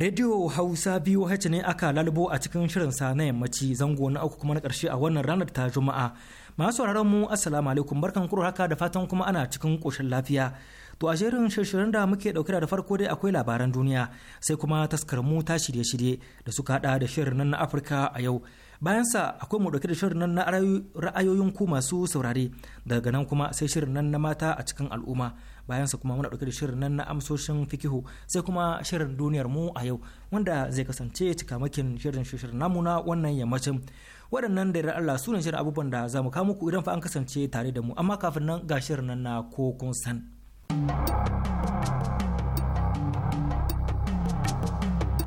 Radio Hausa hace ne aka lalubo a cikin shirin sa na yammaci zango na uku kuma na ƙarshe a wannan ranar ta Juma'a. Masu sauraron mu Assalamu alaikum barkan kuro haka da fatan kuma ana cikin koshin lafiya. To a shirin shirshirin da muke dauke da farko dai akwai labaran duniya sai kuma taskar mu ta shirye-shirye da suka hada da shirin nan na Afirka a yau. Bayan akwai mu dauke da shirin nan na ra'ayoyin ku masu saurare daga nan kuma sai shirin nan na mata a cikin al'umma. Bayan sa kuma muna dauke da shirin nan na amsoshin fikihu sai kuma shirin duniyar mu a yau wanda zai kasance cikamakin shirin shirin namu na wannan yammacin. waɗannan da yarda Allah su ne shirin abubuwan da za mu kawo muku idan fa an kasance tare da mu amma kafin nan ga shirin nan na ko kun san.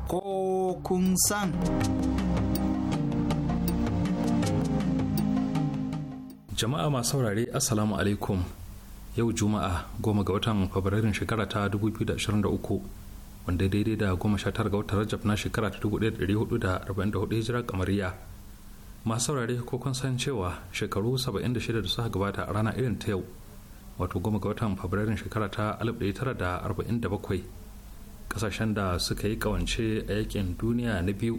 Ko kun san. Jama'a masu saurare Assalamu alaikum yau Juma'a goma ga watan Fabrairun shekara ta 2023 wanda daidai da goma sha tara ga watan Rajab na shekara ta 1444 hijira kamariya. Masu saurare ko kun san cewa shekaru 76 da suka gabata a rana irin ta yau wato goma ga watan fabrairun shekara ta 1947 kasashen da suka yi kawance a yakin duniya na biyu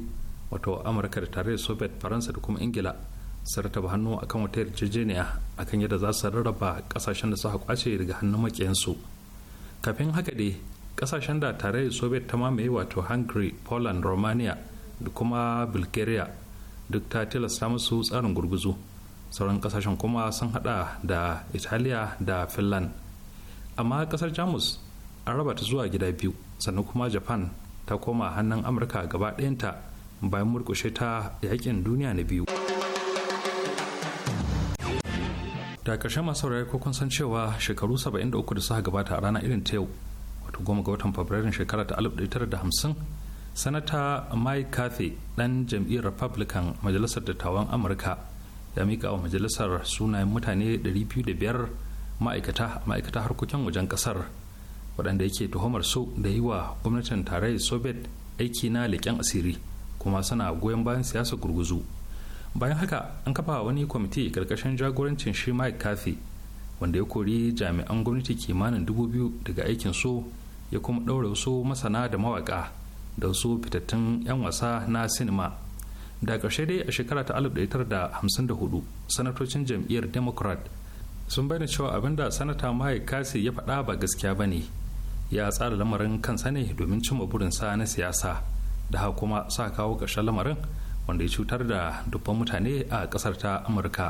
wato amurka da tarayyar soviet faransa da kuma ingila sun taba hannu akan wata yarjejeniya akan yadda za su rarraba kasashen da suka kwace daga hannun makiyansu kafin haka dai kasashen da tarayyar soviet ta mamaye wato hungary poland romania da kuma bulgaria duk ta tilasta musu tsarin gurguzu sauran kasashen kuma sun hada da italiya da finland amma kasar jamus an raba ta zuwa gida biyu sannan kuma japan ta koma hannun amurka gaba ɗayanta bayan murkushe ta yakin duniya na biyu da ƙarshe masu saurari ko kun cewa shekaru 73 da suka gabata a ranar irin ta yau wato goma ga watan fabrairun shekara ta 1950 sanata mike cathy dan jam'iyyar republican majalisar dattawan amurka ya mika wa majalisar sunayen mutane 205 ma'aikata ma'aikata harkokin wajen kasar waɗanda yake tuhumar su da yi wa gwamnatin tarayyar soviet aiki na leƙen asiri kuma suna goyon bayan siyasa gurguzu bayan haka an kafa wani kwamiti karkashin jagorancin shi mike kafe wanda ya kori jami'an gwamnati kimanin dubu biyu daga aikin su ya kuma ɗaure wasu masana da mawaƙa da wasu fitattun 'yan wasa na sinima da ƙarshe dai a shekara ta 1954 sanatocin jam'iyyar democrat sun bayyana cewa abinda sanata mike kasi ya faɗa ba gaskiya ba ne ya tsara lamarin kan ne domin cimma burinsa na siyasa da ha kuma sa kawo ƙarshen lamarin wanda ya cutar da dubban mutane a ƙasar ta amurka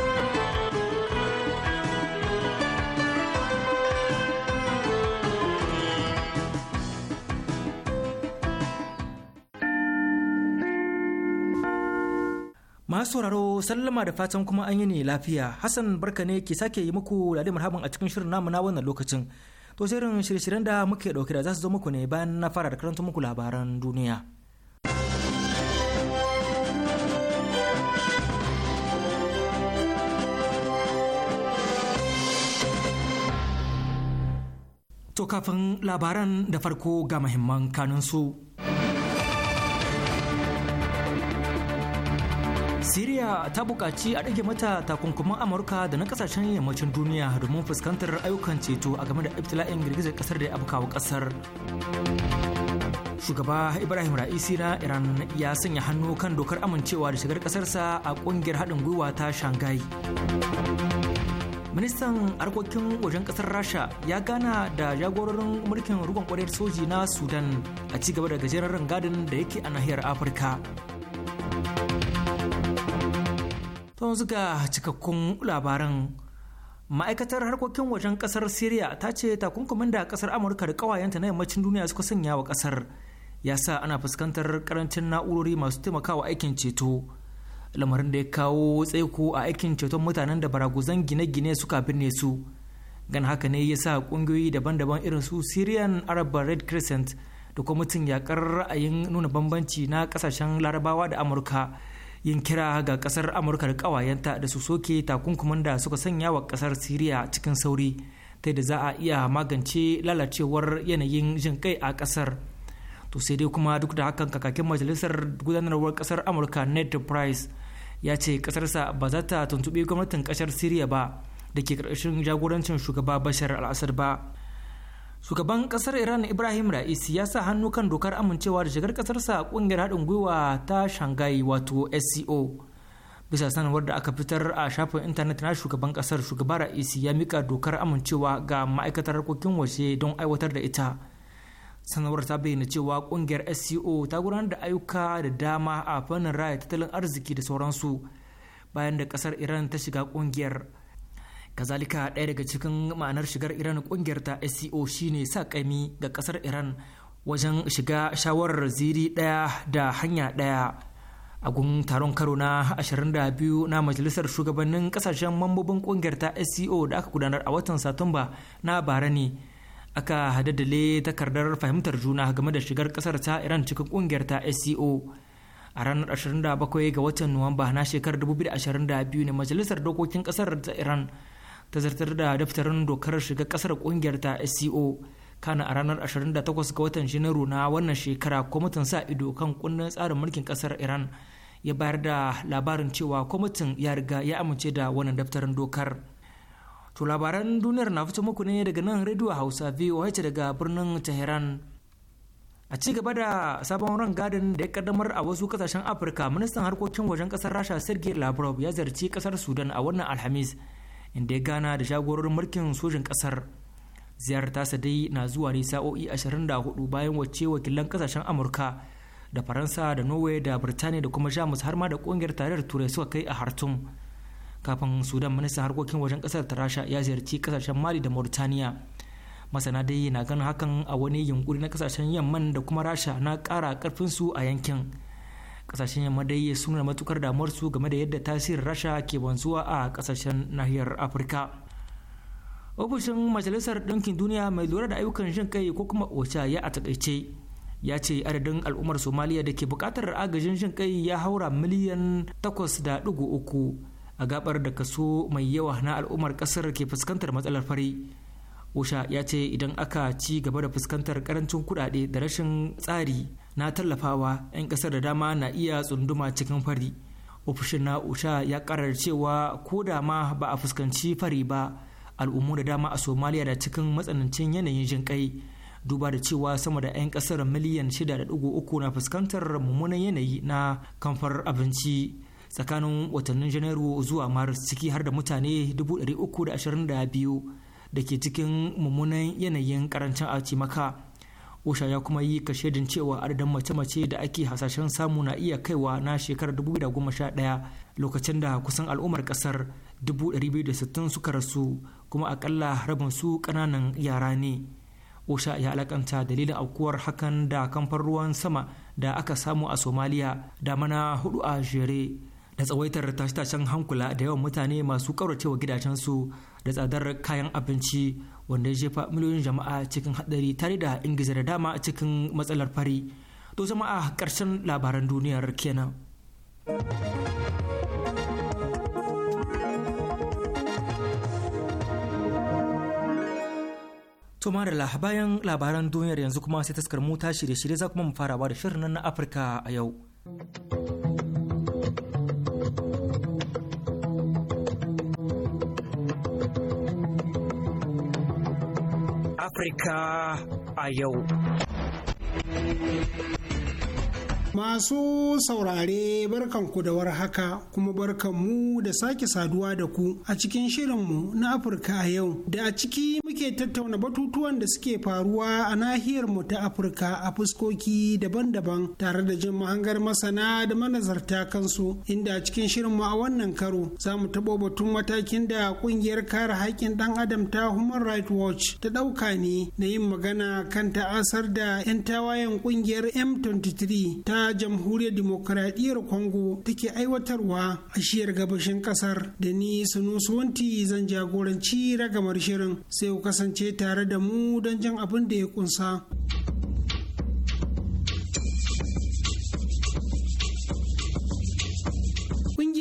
masu sauraro sallama da fatan kuma an yi ne lafiya hassan barka ne ke sake yi muku da marhaban a cikin shirin namu na wannan lokacin to shirin shirye-shiryen da muke dauke da za su zo muku ne bayan na fara da karanta muku labaran duniya To kafin labaran da farko ga muhimman kanunsu. Siriya ta buƙaci a rage mata takunkuman Amurka da na ƙasashen yammacin duniya domin fuskantar ayyukan ceto a game da iftila'in girgizar ƙasar da ya afkawa ƙasar. Shugaba Ibrahim Ra'isi na Iran ya sanya hannu kan dokar amincewa da shigar ƙasarsa a ƙungiyar haɗin gwiwa ta Shanghai. Ministan harkokin wajen ƙasar Rasha ya gana da jagororin mulkin rukun kwarar soji na Sudan a ci gaba da gajeren rangadin da yake a nahiyar Afirka. don zuga cikakkun labaran ma'aikatar harkokin wajen kasar syria ta ce takunkumin da kasar amurka da kawayenta na yammacin duniya suka sanya wa kasar ya sa ana fuskantar karancin na'urori masu taimakawa aikin ceto lamarin da ya kawo tsaiko a aikin ceton mutanen da baraguzan gine-gine suka binne su gan haka ne ya sa kungiyoyi daban-daban irin su syrian arab red crescent da kwamitin yakar ra'ayin nuna bambanci na kasashen larabawa da amurka yin kira ga kasar amurka da kawayenta da su soke takunkumin da suka sanya wa kasar siriya cikin sauri ta da za a iya magance lalacewar yanayin jin kai a kasar to sai dai kuma duk da hakan kakakin majalisar gudanarwar kasar amurka ned price ya ce kasarsa ba za ta tuntuɓi gwamnatin kasar siriya ba da ke ƙarƙashin jagorancin shugaba bashar al ba shugaban kasar iran ibrahim ra'isi ya sa hannu kan dokar amincewa da shigar kasarsa kungiyar haɗin gwiwa ta shanghai wato sco bisa sanarwar da aka fitar a shafin intanet na shugaban kasar shugaban ra'isi ya mika dokar amincewa ga ma'aikatar harkokin waje don aiwatar da ita sanarwar ta bayyana cewa kungiyar sco ta gudanar da ayyuka da dama a fannin raya tattalin arziki da sauransu bayan da kasar iran ta shiga kungiyar kazalika ɗaya daga cikin ma'anar shigar iran kungiyar ta sco shine sa kaimi ga kasar iran wajen shiga shawarar ziri ɗaya da hanya ɗaya a gun taron karo na 22 na majalisar shugabannin kasashen mambobin kungiyar ta sco da aka gudanar a watan satumba na bara ne aka haddadale takardar fahimtar juna game da shigar kasar ta iran cikin kungiyar ta sco a ranar 27 ga watan nuwamba na shekarar 2022 ne majalisar dokokin kasar ta iran ta zartar da daftarin dokar shiga kasar kungiyar ta sco kana a ranar 28 ga watan janairu na wannan shekara kwamitin sa ido kan kundin tsarin mulkin kasar iran ya bayar da labarin cewa kwamitin ya riga ya amince da wannan daftarin dokar to labaran duniyar na fito muku ne daga nan rediyo hausa voh daga birnin tehran a ci gaba da sabon ran rangadin da ya kaddamar a wasu kasashen afirka ministan harkokin wajen kasar rasha sergei lavrov ya zarci kasar sudan a wannan alhamis inda ya gana da jagororin mulkin sojin kasar ziyarar sa dai na zuwa ne sa'o'i 24 bayan wacce wakilan kasashen amurka da faransa da norway da birtaniya da kuma jamus har ma da kungiyar tarayyar turai suka kai a hartum kafin sudan ministan harkokin wajen kasar tarasha ya ziyarci kasashen mali da mauritaniya masana dai na ganin hakan a wani yunkuri na kasashen yamman da kuma rasha na kara karfinsu a yankin kasashen yamma dai suna matukar damuwarsu game da yadda tasirin rasha ke wanzuwa a kasashen nahiyar afirka ofishin majalisar ɗinkin duniya mai lura da ayyukan jin kai ko kuma osha ya a takaice ya ce adadin al'ummar somaliya da ke buƙatar agajin jin kai ya haura miliyan takwas da uku a gabar da kaso mai yawa na al'ummar ƙasar ke fuskantar matsalar fari osha ya ce idan aka ci gaba da fuskantar karancin kuɗaɗe da rashin tsari na tallafawa 'yan kasar da dama na iya tsunduma cikin fari ofishin na usha ya karar cewa ko da ma ba a fuskanci fari ba al'ummu da dama a somaliya da cikin matsanancin yanayin jin kai duba da cewa sama da 'yan kasar miliyan 6.3 na fuskantar mummunan yanayi na kamfar abinci tsakanin watannin janairu zuwa maris ciki har da mutane 322 da ke cikin mummunan yanayin karancin maka. osha ya kuma yi kashedin cewa adadin mace-mace da ake hasashen samu na iya kaiwa na shekarar 2011 lokacin da kusan al'ummar kasar 260 suka rasu kuma akalla rabin su kananan yara ne osha ya alakanta dalilin aukuwar hakan da kamfan ruwan sama da aka samu a somaliya da mana hudu a jere da tsawaitar tashe-tashen hankula da yawan mutane masu kauracewa gidajensu da tsadar kayan abinci wanda ya jefa miliyoyin jama'a cikin hadari tare da ingiza da dama cikin matsalar fari to jama'a karshen labaran duniyar kenan to marala bayan labaran duniyar yanzu kuma sai taskar mu ta shirye shirye za kuma mu farawa da shirin nan na afirka a yau Afirka a yau. Masu saurare barkan ku da warhaka kuma barkan mu da sake saduwa da ku a cikin shirinmu na Afirka a yau da a ciki muke tattauna batutuwan da suke faruwa a nahiyar mu ta Afirka a fuskoki daban-daban tare da jin mahangar masana da manazarta kansu inda a cikin shirinmu a wannan karo za mu taɓo batun matakin da ƙungiyar kare haƙƙin ɗan adam ta Human Rights Watch ta ɗauka ne na yin magana kan ta'asar da 'yan tawayen ƙungiyar M23 ta jamhuriyar dimokuraɗiyyar congo take aiwatarwa a shiyar gabashin kasar da ni sunusuwanti zan jagoranci ragamar shirin sai ku kasance tare da mu don jan abin da ya kunsa.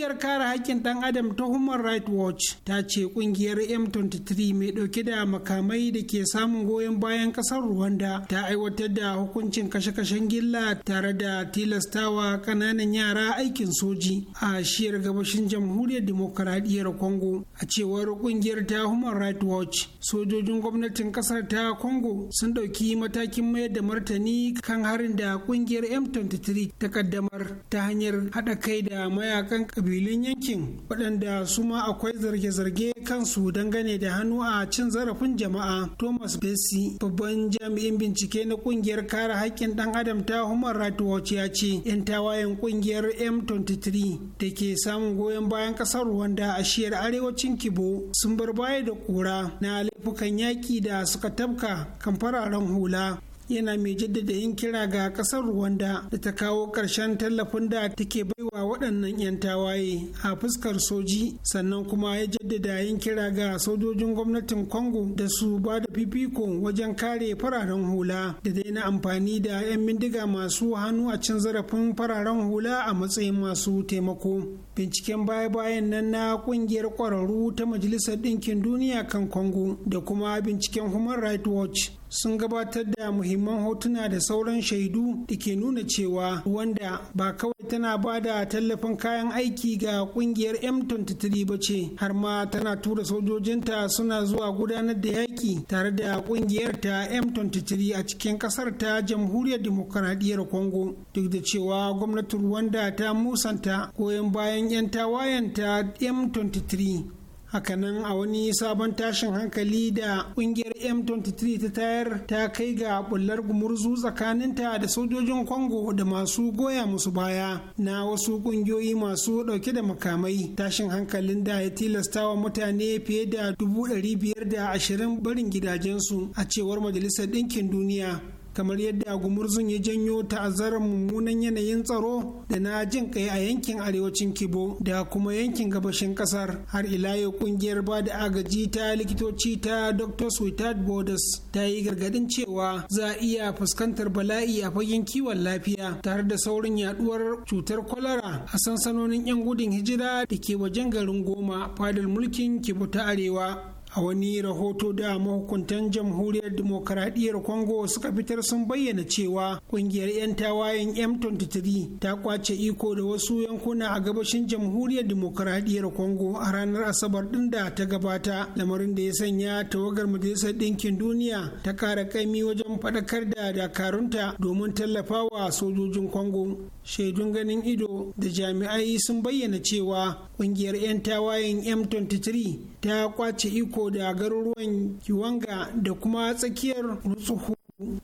kungiyar kare haƙƙin ɗan adam ta Human Rights Watch ta ce kungiyar M23 mai ɗauke da makamai da ke samun goyon bayan ƙasar Rwanda ta aiwatar da hukuncin kashe-kashen gilla tare da tilastawa ƙananan yara aikin soji a shiyar gabashin jamhuriyar demokaradiyyar Congo. A cewar kungiyar ta Human Rights Watch, sojojin gwamnatin ƙasar ta Congo sun ɗauki matakin mayar da martani kan harin da kungiyar M23 ta ƙaddamar ta hanyar haɗa kai da mayakan ƙabilu kabilun yankin waɗanda su ma akwai zarge-zarge kansu dangane da hannu a cin zarafin jama'a thomas besi babban jami'in bincike na ƙungiyar kare haƙƙin ɗan adam ta human rights watch ya ce 'yan tawayen ƙungiyar m23 da ke samun goyon bayan ƙasar rwanda a shiyar arewacin kibo sun bar baya da kura na laifukan yaƙi da suka tabka kan fararen hula yana mai jaddada yin kira ga kasar Rwanda da ta kawo ƙarshen tallafin da take baiwa waɗannan 'yan tawaye a fuskar soji sannan kuma ya jaddada yin kira ga sojojin gwamnatin Congo da su ba da fifiko wajen kare fararen hula da daina amfani da 'yan bindiga masu hannu a cin zarafin fararen hula a matsayin masu taimako. Binciken baya-bayan nan na ƙungiyar ƙwararru ta Majalisar Ɗinkin Duniya kan Congo da kuma binciken Human Rights Watch sun gabatar da muhimman hotuna da sauran shaidu da ke nuna cewa wanda ba kawai tana ba da tallafin kayan aiki ga kungiyar m23 ba ce har ma tana tura sojojinta suna zuwa gudanar da yaki tare da kungiyar ta m23 a cikin ƙasar ta jamhuriyar demokaradiyyar congo duk da cewa gwamnatin rwanda ta musanta goyon bayan 'yan tawayenta m23 hakanan a wani sabon tashin hankali da kungiyar m23 ta tayar ta kai ga bullar gumurzu tsakaninta da sojojin congo da masu goya musu baya na wasu kungiyoyi masu dauke da makamai tashin hankalin da ya tilasta wa mutane fiye da 520 barin gidajensu a cewar majalisar ɗinkin duniya kamar yadda agumurzun ya janyo ta'azzarar mummunan yanayin tsaro da na jin kai a yankin arewacin kibo da kuma yankin gabashin kasar har ila yau kungiyar ba da agaji ta likitoci ta doctors without borders ta yi gargadin cewa za a iya fuskantar bala'i a fagen kiwon lafiya tare da saurin yaduwar cutar kwalara a sansanonin yan gudun hijira da ke wajen garin goma fadar mulkin kibo ta arewa a wani rahoto da mahukuntan jamhuriyar demokaradiyyar congo suka fitar sun bayyana cewa kungiyar 'yan tawayen m23 ta kwace iko da wasu yankuna a gabashin jamhuriyar demokaradiyyar congo a ranar asabar din da ta gabata lamarin da ya sanya tawagar majalisar ɗinkin duniya ta kara kaimi wajen faɗakar da dakarunta domin tallafawa sojojin congo shaidun ganin ido da jami'ai sun bayyana cewa kungiyar 'yan tawayen m23 ta kwace iko da garuruwan kiwanga da kuma tsakiyar rutsuhu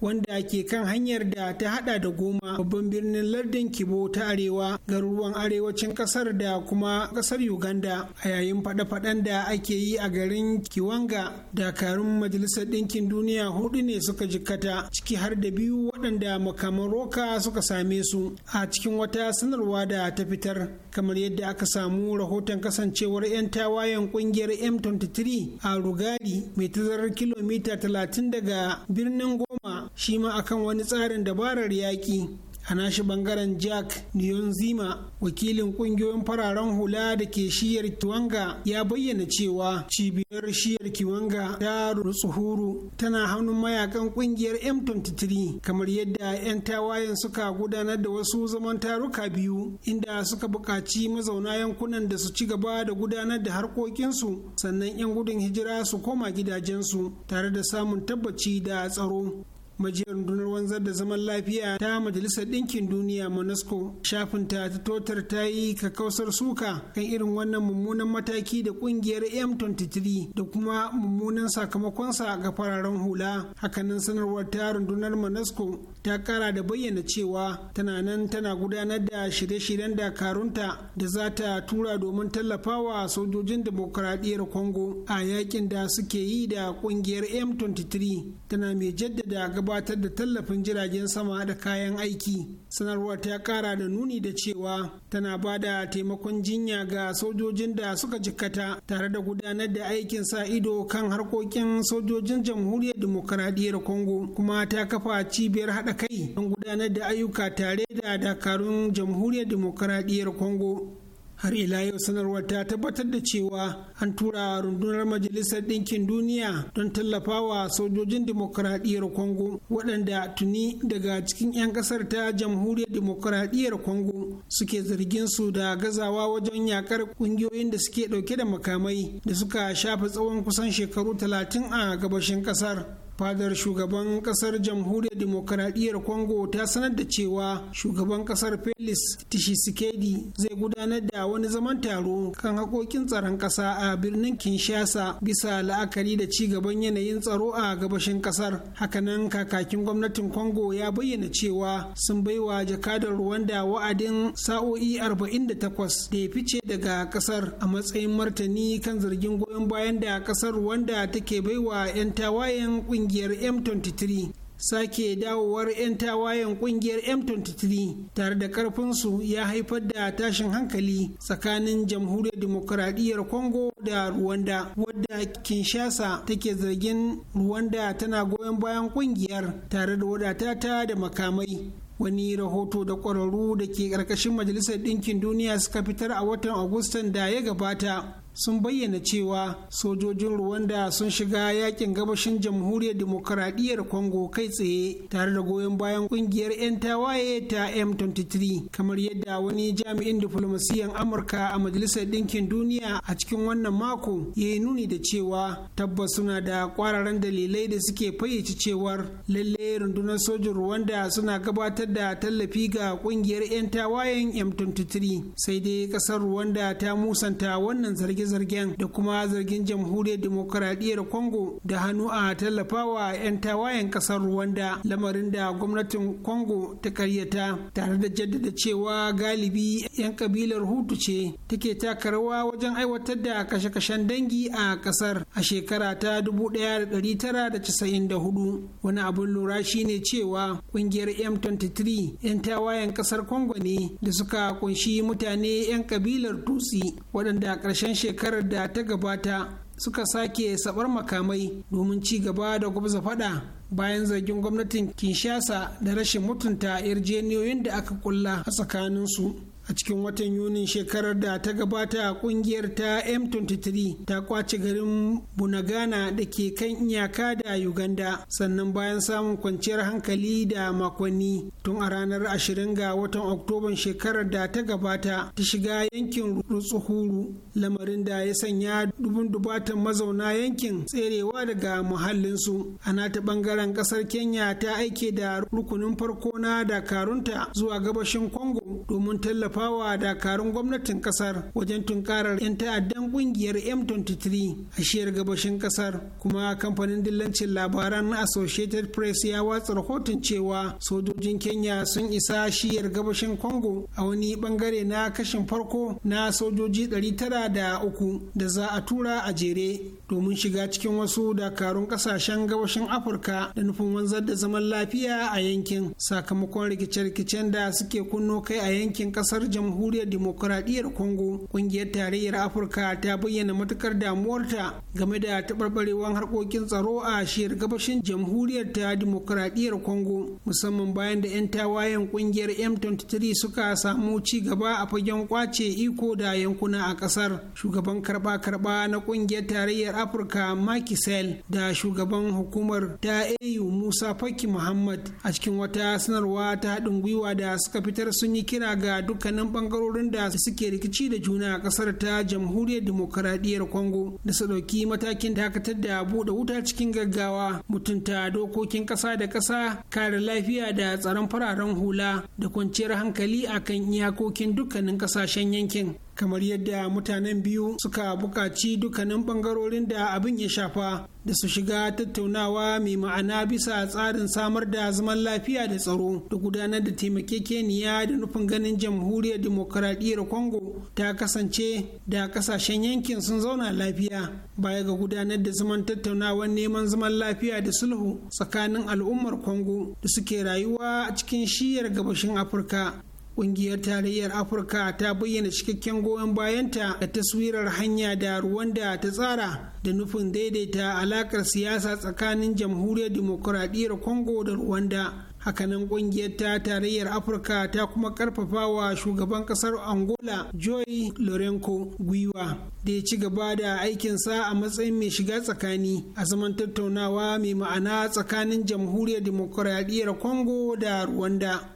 wanda ke kan hanyar da ta hada da goma babban birnin lardin kibo ta arewa garuruwan arewacin kasar da kuma kasar uganda a yayin fada-fadan da ake yi a garin kiwanga dakarun majalisar ɗinkin duniya hudu ne suka jikkata ciki har da biyu waɗanda makaman roka suka same su a cikin wata sanarwa da ta fitar kamar yadda aka samu rahoton kasancewar 'yan tawayen kungiyar m23 a rugari mai tazarar kilomita 30 daga birnin goma shi ma akan wani tsarin dabarar yaƙi a nashi bangaren jack zima wakilin kungiyoyin fararen hula da ke shiyar kiwanga ya bayyana cewa cibiyar shiyar kiwanga ta rutsuhuru tana hannun mayakan kungiyar m23 kamar yadda 'yan tawayen suka gudanar da wasu zaman taruka biyu inda suka buƙaci mazauna yankunan da su ci gaba da gudanar da harkokinsu sannan 'yan gudun hijira su koma gidajensu tare da samun tabbaci da tsaro majiyar rundunar wanzar da zaman lafiya ta majalisar ɗinkin duniya monusco shafinta ta totar ta yi kakausar suka kan irin wannan mummunan mataki da kungiyar m23 da kuma mummunan sakamakonsa ga fararen hula hakanan sanarwar ta rundunar monusco ta kara da bayyana cewa tana nan tana gudanar da shirye-shiryen dakarunta da za ta tura domin tallafawa sojojin demokuraɗiyar congo a yakin da suke yi da ƙungiyar m23 tana mai jaddada gabatar da tallafin jiragen sama da kayan aiki sanarwar ta kara da nuni da cewa tana ba da taimakon jinya ga sojojin da suka jikkata tare da gudanar da aikin sa ido kan harkokin sojojin jamhuriyar demokuraɗiyar congo kuma ta kafa cibiyar haɗa kai don gudanar da ayyuka tare da dakarun jamhuriyar demokaradiyyar congo har ila yau sanarwar ta tabbatar da cewa an tura rundunar majalisar ɗinkin duniya don tallafawa sojojin demokuraɗiyyar congo waɗanda tuni daga cikin 'yan ƙasar ta jamhuriyar demokuraɗiyyar congo suke zargin su da gazawa wajen yakar ƙungiyoyin da suke ɗauke da makamai da suka shafi tsawon kusan shekaru 30 a gabashin ƙasar fadar shugaban kasar jamhuriyar demokaradiyyar congo ta sanar da cewa shugaban kasar felix tishisikedi zai gudanar da wani zaman taro kan haƙoƙin tsaron ƙasa a birnin kinshasa bisa la'akari da ci gaban yanayin tsaro a gabashin kasar hakanan kakakin gwamnatin congo ya bayyana cewa sun baiwa jakadar ruwanda wa'adin sa'o'i arba'in da takwas da ya fice daga kasar a matsayin martani kan zargin goyon bayan da kasar rwanda take baiwa 'yan tawayen kungiyar M23 sake dawowar 'yan tawayen kungiyar m23 tare da karfinsu ya haifar da tashin hankali tsakanin jamhuriyar demokuraɗiyyar congo da rwanda wadda kinshasa take zargin rwanda tana goyon bayan kungiyar tare da wadata ta da makamai wani rahoto da ƙwararru da ke ƙarƙashin majalisar ɗinkin duniya suka fitar a watan agustan da ya gabata sun bayyana cewa sojojin ruwanda sun shiga yakin gabashin jamhuriyar demokaradiyyar Congo kai tsaye tare da goyon bayan kungiyar 'yan tawaye ta M23 kamar yadda wani jami'in diflomasiyan Amurka a Majalisar Ɗinkin Duniya a cikin wannan mako ya yi nuni da cewa tabbas suna da kwararan dalilai da suke fayyace cewar lalle rundunar sojin ruwanda suna gabatar da tallafi ga kungiyar 'yan tawayen M23 sai dai ƙasar ruwanda ta musanta wannan zargin zarge-zargen da kuma zargin jamhuriyar demokaradiyyar kongo da hannu a tallafawa 'yan tawayen kasar rwanda lamarin da gwamnatin kongo ta karyata tare da jaddada cewa galibi 'yan kabilar hutu ce take taka rawa wajen aiwatar da kashe-kashen dangi a kasar a shekara ta 1994 wani abin lura shine cewa kungiyar m23 'yan tawayen kasar congo ne da suka kunshi mutane 'yan kabilar tutsi waɗanda ƙarshen shekara shekarar da ta gabata suka sake sabar makamai domin ci gaba da gwabza fada bayan zargin gwamnatin kinshasa da rashin mutunta yarjeniyoyin da aka kulla a tsakaninsu a cikin watan yunin shekarar da ta gabata kungiyar ta m23 ta kwace garin bunagana da ke kan iyaka da uganda sannan bayan samun kwanciyar hankali da makonni tun a ranar 20 ga watan oktoban shekarar da ta gabata ta shiga yankin rutsuhuru lamarin da ya sanya dubun dubatan mazauna yankin tserewa daga muhallinsu a nata bangaren kasar kenya ta aike da rukunin farko na dakarunta zuwa gabashin congo domin tallafa tallafawa dakarun gwamnatin kasar wajen tunkarar 'yan ta'addan kungiyar m23 a shiyar gabashin kasar kuma kamfanin dillancin labaran associated press ya watsa rahoton cewa sojojin kenya sun isa shiyar gabashin congo a wani bangare na kashin farko na sojoji 903 da za a tura a jere domin shiga cikin wasu dakarun kasashen gabashin afirka da nufin wanzar da zaman lafiya a yankin sakamakon rikice-rikicen da suke kunno kai a yankin kasar kasar jamhuriyar demokuraɗiyyar congo ƙungiyar tarayyar afirka ta bayyana matukar damuwarta game da taɓarɓarewar harkokin tsaro a shiyar gabashin jamhuriyar ta demokuraɗiyyar congo musamman bayan da 'yan tawayen ƙungiyar m23 suka samu ci gaba a fagen kwace iko da yankuna a ƙasar shugaban karɓa-karɓa na ƙungiyar tarayyar afirka makisel da shugaban hukumar ta au musa faki muhammad a cikin wata sanarwa ta haɗin gwiwa da suka fitar sun yi kira ga dukkan dukkanin bangarorin da suke rikici da juna a kasar ta jamhuriyar demokaradiyyar congo da su ɗauki matakin dakatar da buɗe wuta cikin gaggawa mutunta dokokin ƙasa da ƙasa kare lafiya da tsaron fararen hula da kwanciyar hankali akan iyakokin dukkanin ƙasashen yankin kamar yadda mutanen biyu suka bukaci dukkanin bangarorin da abin ya shafa da su shiga tattaunawa mai ma'ana bisa tsarin samar da zaman lafiya da tsaro da gudanar da taimakekeniya da nufin ganin jamhuriyar demokaradiyyar congo ta kasance da kasashen yankin sun zauna lafiya baya ga gudanar da zaman tattaunawar neman zaman lafiya da sulhu tsakanin al'ummar congo da suke rayuwa a cikin shiyar gabashin afirka Ƙungiyar Tarayyar Afirka ta bayyana cikakken goyon bayanta da taswirar hanya da Ruwanda ta tsara da nufin daidaita alakar siyasa tsakanin jamhuriyar dimokuraɗiyyar Kongo da Ruwanda. hakanan ƙungiyar ta tarayyar afirka ta kuma karfafa wa shugaban ƙasar angola joy lorenko gwiwa da ya ci gaba da aikinsa a matsayin mai shiga tsakani a zaman tattaunawa mai ma'ana tsakanin jamhuriyar demokuraɗiyyar congo da ruwanda.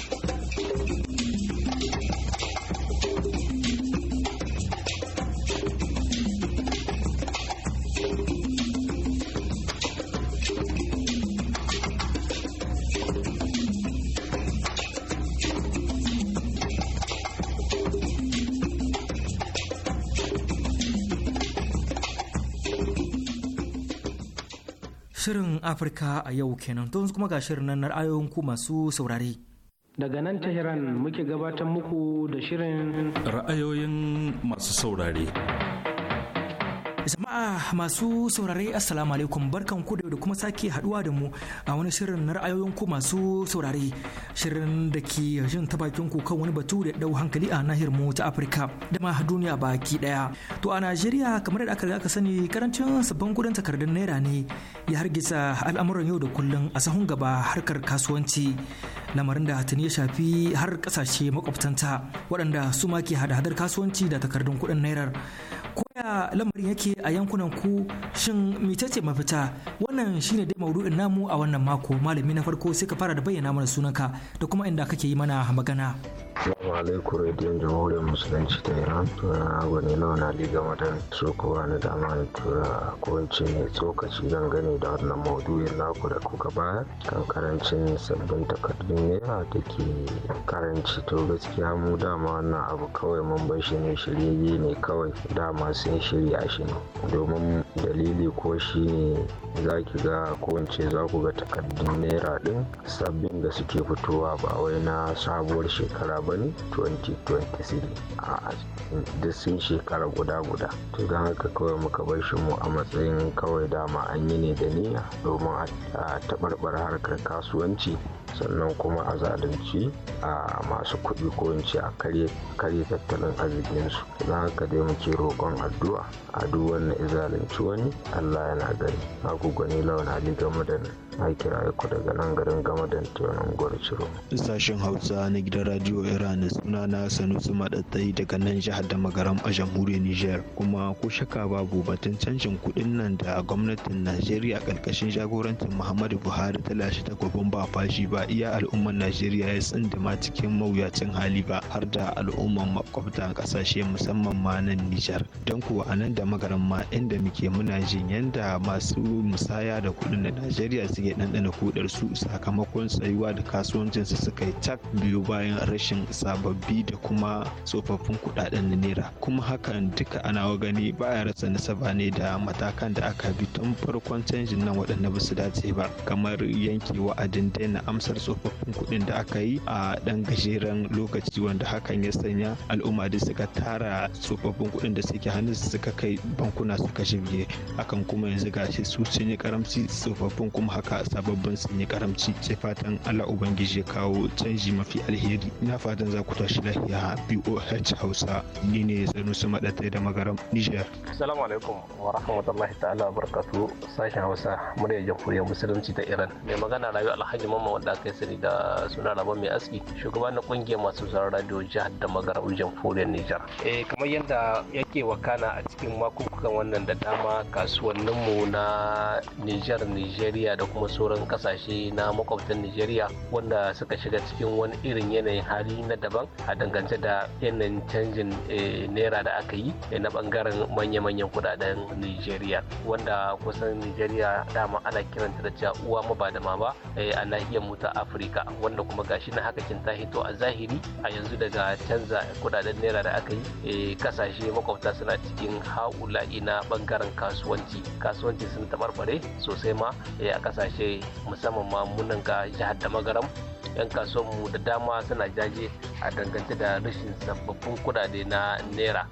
Shirin Afirka a yau kenan tun kuma ga shirin nan ra'ayoyin ku masu saurare. Daga nan Tehran muke gabatar muku da shirin ra'ayoyin masu saurare. Jama'a masu saurare Assalamu alaikum barkan ku da kuma sake haduwa da mu a wani shirin na ra'ayoyin ku masu saurare shirin da ke jin ta bakin ku kan wani batu da dau hankali a nahiyar mu ta Afirka da ma duniya baki daya. To a Najeriya kamar da aka aka sani karancin sabbin kudin takardun naira ne ya hargitsa al'amuran yau da kullun a sahun gaba harkar kasuwanci lamarin da tuni ya shafi har kasashe makwabtanta waɗanda su ma ke hada-hadar kasuwanci da takardun kuɗin naira. koya lamarin yake a yankunan ku shin mitace mafita wannan shine dai maudu'in namu a wannan mako malami na farko sai ka fara da bayyana mana sunanka da kuma inda kake yi mana magana Assalamu alaikum rediyon jamhuriyar musulunci ta Iran suna gwani nawa na liga madan su kowa na dama na tura kowace mai tsokaci dangane da wannan maudu'in naku da kuka baya kan karancin sabbin takardun naira da ke karanci to gaskiya mu dama wannan abu kawai mun bar shi ne shiryayye ne kawai dama sun shirya shi ne domin dalili ko shi ne za ki ga ko in za ku ga takardun naira din sabbin da suke fitowa ba wai na sabuwar shekara ba 2023 a duk sun shekara guda guda to don haka kawai muka bar shi mu a matsayin kawai dama an yi ne da niyya domin a taɓarɓar harkar kasuwanci sannan kuma a zalunci a masu kuɗi ko in a karye tattalin arzikinsu don haka dai muke roƙon addu'a a duk wannan izalinci wani allah yana gani na gugani lawan ali game da na kira ku daga nan garin game da tunan gwarciro sashen hausa na gidan radio iran suna na su maɗaɗɗai daga nan jihar da magaram a jamhuriyar niger kuma ko shaka babu batun canjin kuɗin nan da gwamnatin najeriya ƙarƙashin jagorancin muhammadu buhari ta lashe takwabin ba fashi ba iya al'ummar najeriya ya ma cikin mawuyacin hali ba har da al'ummar makwabta kasashe musamman ma nan niger don kuwa a nan da magarama inda muke muna jin yadda masu musaya da kudin da najeriya suke ɗanɗana kudar su sakamakon tsayuwa da kasuwancin su suka yi cak biyu bayan rashin sababbi da kuma tsofaffin kudaden na naira kuma hakan duka ana gani baya rasa nasaba ne da matakan da aka bi tun farkon canjin nan waɗanda ba su dace ba kamar yanke wa'adin daina amsar tsofaffin kuɗin da aka yi a ɗan gajeren lokaci wanda hakan ya sanya al'umma duk suka tara tsofaffin kuɗin da suke hannun suka kai kai bankuna suka shirye hakan kuma yanzu gashi su sun yi karamci tsofaffin kuma haka sababbin sun yi karamci ce fatan allah ubangiji ya kawo canji mafi alheri na fatan za ku tashi lafiya boh hausa ni ne su madatai da magaram niger assalamu alaikum wa rahmatullahi ta'ala wa barakatuh sashen hausa murya jamhuriyar musulunci ta iran mai magana rayu alhaji mamman wanda aka sani da suna rabon mai aski shugaban na kungiyar masu zarar radio jihar da magaram jamhuriyar niger eh kamar yadda yake wakana a cikin kuma kukan wannan da dama kasuwanninmu na niger nigeria da kuma sauran kasashe na makwabtan nigeria wanda suka shiga cikin wani irin yanayin hali na daban a dangance da yanayin canjin eh, naira da aka yi na bangaren manya-manyan kudaden nigeria wanda kusan nigeria dama ana kiranta da cewa uwa ma ba eh, a nahiyar mu ta Afirka wanda kuma gashi na haka kin ta hito a zahiri a yanzu daga canza kudaden naira da aka yi eh, kasashe makwabta suna cikin hawa ha'ula'i na ɓangaren kasuwanci kasuwanci sun tabarbare sosai ma eh, a ƙasashe musamman ma munan ga jihar da magaram yan kasuwanmu da dama suna jaje a dangance da rashin sababbin kudade na naira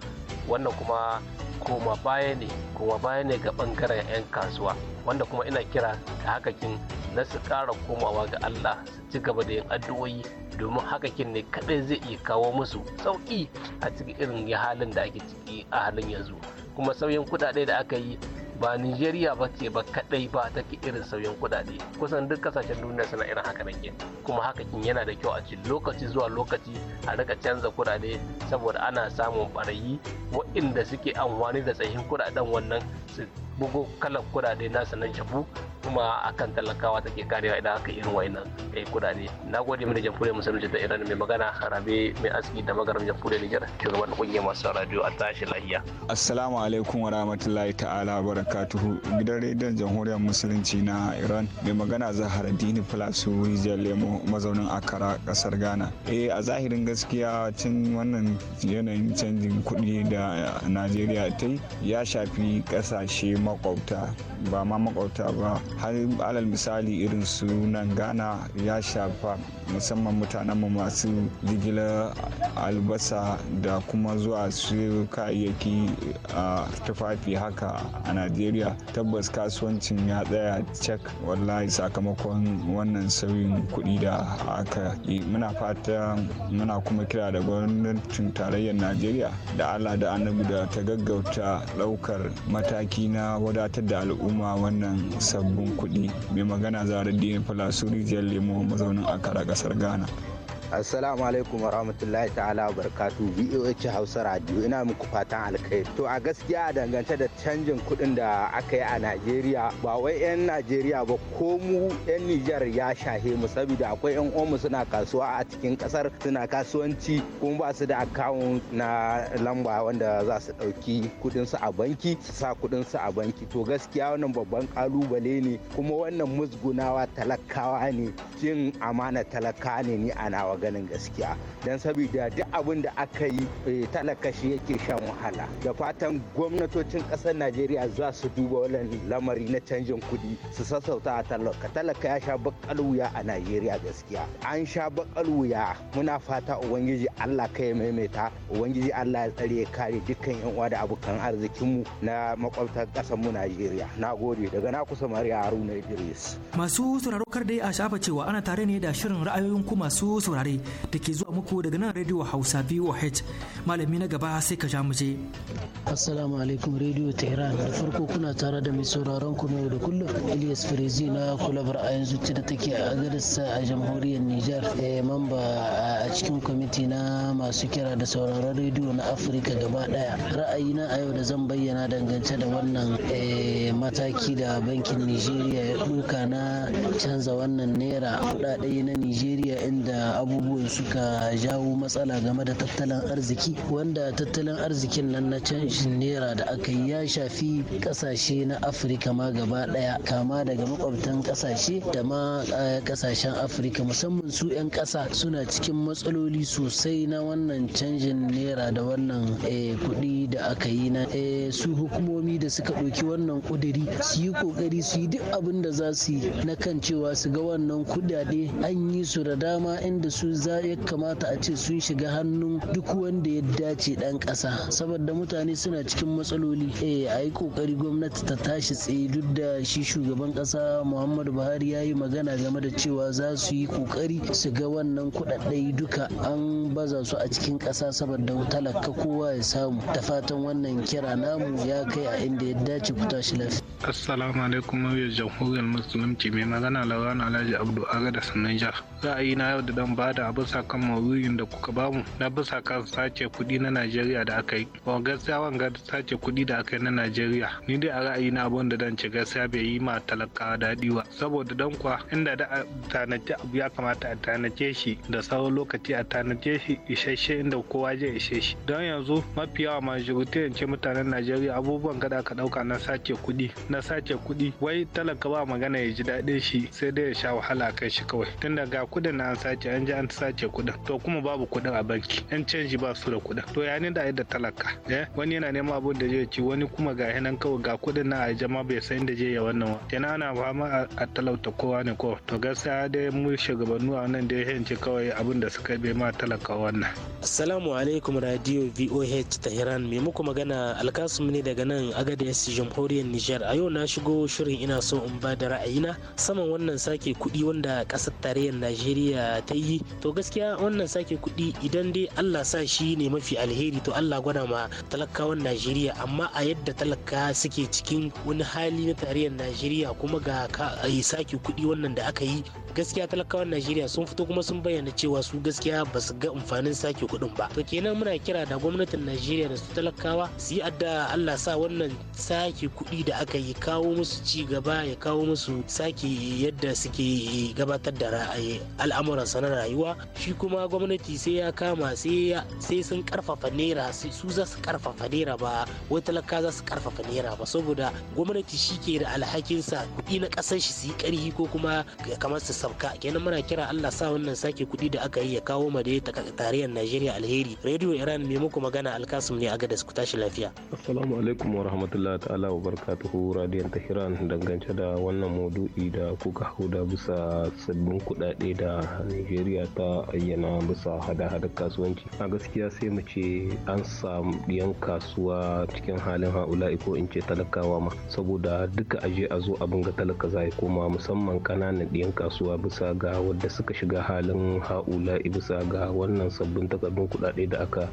wannan kuma koma baya ne koma baya ne ga bangaren 'yan kasuwa wanda kuma ina kira da hakakin na su ƙara komawa ga Allah su ci gaba da yin addu'o'i domin hakakin ne kaɗai zai iya kawo musu sauƙi a cikin irin halin da ake ciki a halin yanzu kuma sauyin kuɗaɗe da aka yi ba Nigeria ba ce ba kadai ba ta ke irin sauyin kudade kusan duk kasashen duniya suna irin haka nake kuma haka kin yana da kyau a ci lokaci zuwa lokaci a rika canza kudade saboda ana samun barayi waɗanda suke amfani da tsayin kudaden wannan su bugo kalan kudade nasa na jabu kuma akan talakawa take karewa idan aka irin wayannan kai eh, kudade na gode mu da jamhuriyar musulunci ta iran mai magana rabe mai aski da magaram jamhuriyar nijar shugaban kungiyar masu radio a tashi lahiya assalamu alaikum wa rahmatullahi ta'ala barakatuhu gidan rediyon jamhuriyar musulunci na iran mai magana zahar dini plasu rijiyar lemo mazaunin akara kasar ghana eh a zahirin gaskiya cin wannan yanayin canjin kuɗi da najeriya ta yi ya shafi ƙasashe makwabta ba ma makwabta ba har alal misali irin sunan ghana ya shafa musamman mutanenmu masu jigilar albasa da kuma zuwa su kayayyaki a tufafi haka a najeriya tabbas kasuwancin ya tsaya cek wallahi sakamakon wannan sauyin kuɗi da aka yi muna fata muna kuma kira da gwamnatin tarayyar najeriya da allah da annabi da ta gaggauta ɗaukar mataki na wadatar da al'umma wannan sabbin kuɗi mai magana zarar dini falasuri jiyar lemo mazaunin akara ƙasar ghana assalamu alaikum warahmatullahi ta'ala barkatu voh hausa radio ina muku fatan alkhairi to a gaskiya dangance da canjin kuɗin da aka yi a najeriya ba wai 'yan najeriya ba ko mu 'yan nijar ya shahe mu saboda akwai 'yan mu suna kasuwa a cikin kasar suna kasuwanci kuma ba su da akawun na lamba wanda za su ɗauki kuɗinsu a banki su sa kuɗinsu a banki to gaskiya wannan babban kalubale ne kuma wannan musgunawa talakawa ne cin amana talaka ne ni a nawa maganin gaskiya don saboda duk abin da aka yi eh, talakashi yake shan wahala da fatan gwamnatocin ƙasar najeriya za su duba wannan lamari na canjin kuɗi su sassauta a talaka talaka ya sha bakal wuya a najeriya gaskiya an sha bakal wuya muna fata ubangiji allah ka ya maimaita ubangiji allah ya tsare ya kare dukkan yan uwa da abokan arzikinmu na makwabtar ƙasar mu najeriya na gode daga na kusa mariya haruna idris masu sauraro kar dai a shafa cewa ana tare ne da shirin ra'ayoyin ku masu saurare labarai da ke zuwa muku daga nan Radio Hausa VOH. Malami na gaba sai ka ja muje. Assalamu alaikum Radio Tehran. Da farko kuna tare da mai sauraron ku yau da kullum Ilyas Firizi na kulabar a yanzu da take a garissa a jamhuriyar Nijar. Eh, mamba a cikin kwamiti na masu kira da sauraron radio na Afirka gaba daya. Ra'ayina a yau da zan bayyana dangance da wannan eh, mataki da bankin Nijeriya ya ɗauka na canza wannan naira kuɗaɗe na Nijeriya inda abu abubuwan suka jawo matsala game da tattalin arziki wanda tattalin arzikin nan na canjin naira da aka yi ya shafi kasashe na afirka ma gaba daya kama daga makwabtan kasashe da ma kasashen eh, afirka musamman su 'yan kasa suna cikin matsaloli sosai na wannan canjin naira da wannan eh, kuɗi da aka yi na eh, su hukumomi da suka ɗauki wannan kudiri su yi ƙoƙari su yi duk abin da za su yi na kan cewa su ga wannan kuɗaɗe an yi su da dama inda su za ya kamata a ce sun shiga hannun duk wanda ya dace dan kasa saboda mutane suna cikin matsaloli eh a yi kokari gwamnati ta tashi tsaye duk da shi shugaban kasa muhammadu buhari ya yi magana game da cewa za su yi kokari su ga wannan kuɗaɗɗai duka an baza su a cikin kasa saboda talaka kowa ya samu da fatan wannan kira namu ya kai a inda ya dace ku tashi lafiya assalamu alaikum jamhuriyar musulunci mai magana lawan alhaji abdu aga da sanan jihar na yau da dan bada abin bisa kan maudu'in da kuka bamu na bisa kan sace kuɗi na Najeriya da aka yi. Ba gaskiya wanga sace kuɗi da aka yi na Najeriya. Ni dai a ra'ayi na abin da dan ci gaskiya bai yi ma talakawa daɗi ba. Saboda dan kwa inda da tanace abu ya kamata a tanace shi da sauran lokaci a tanace shi isasshe inda kowa zai ishe shi. Don yanzu mafi yawa majority yance mutanen Najeriya abubuwan kada aka ɗauka na sace kuɗi na sace kuɗi wai talaka ba magana ya ji daɗin shi sai dai ya sha wahala kai shi kawai. Tun daga kudin na an sace an ji an sace kudin to kuma babu kudin a banki yan canji ba su da kudin to ya da da da talaka eh wani yana neman abun da zai ci wani kuma ga nan kawai ga kudin na a jama bai san da zai ya wannan wa kenan ana fama a talauta kowa ne ko to gaskiya dai mu shugabannu a nan da ya yanci kawai abin da suka bai ma talaka wannan assalamu alaikum radio voh tahiran me muku magana alkasum ne daga nan agadez jamhuriyar niger a yau na shigo shirin ina so in ba da ra'ayina saman wannan sake kudi wanda kasar tarayyar najeriya najeriya ta yi to gaskiya wannan sake kuɗi idan dai allah sa shi ne mafi alheri to allah gwada ma talakawan najeriya amma a yadda talaka suke cikin wani hali na tarayyar najeriya kuma ga eh, sake kuɗi wannan da aka yi gaskiya talakawan najeriya sun fito kuma sun bayyana cewa su gaskiya ba su ga amfanin sake kuɗin ba to kenan muna kira da gwamnatin najeriya da su talakawa su yi adda allah sa wannan sake kuɗi da aka yi kawo musu ci gaba ya kawo musu sake yadda suke gabatar da ra'ayi al'amuransa na rayuwa shi kuma gwamnati sai ya kama sai sun karfafa naira su za su karfafa naira ba wai talaka za su karfafa naira ba saboda gwamnati shi ke da alhakinsa kuɗi na ƙasar shi su yi ƙarfi ko kuma kamar su sabka kenan muna kira Allah sa wannan sake kuɗi da aka yi ya kawo ma da ya tarayyar Najeriya alheri radio Iran mai muku magana alkasum ne a gada su tashi lafiya assalamu alaikum wa rahmatullahi ta'ala wa barakatuhu radiyon tahiran dangance da wannan maudu'i da kuka hau da bisa sabbin kuɗaɗe da nigeria ta ayyana bisa hada hada kasuwanci a gaskiya sai mu ce an samu ɗiyan kasuwa cikin halin haula ko in ce talakawa ma saboda duka aje a zo abin ga talaka za ya koma musamman kananan ɗiyan kasuwa bisa ga wadda suka shiga halin haula bisa ga wannan sabbin takardun kuɗaɗe da aka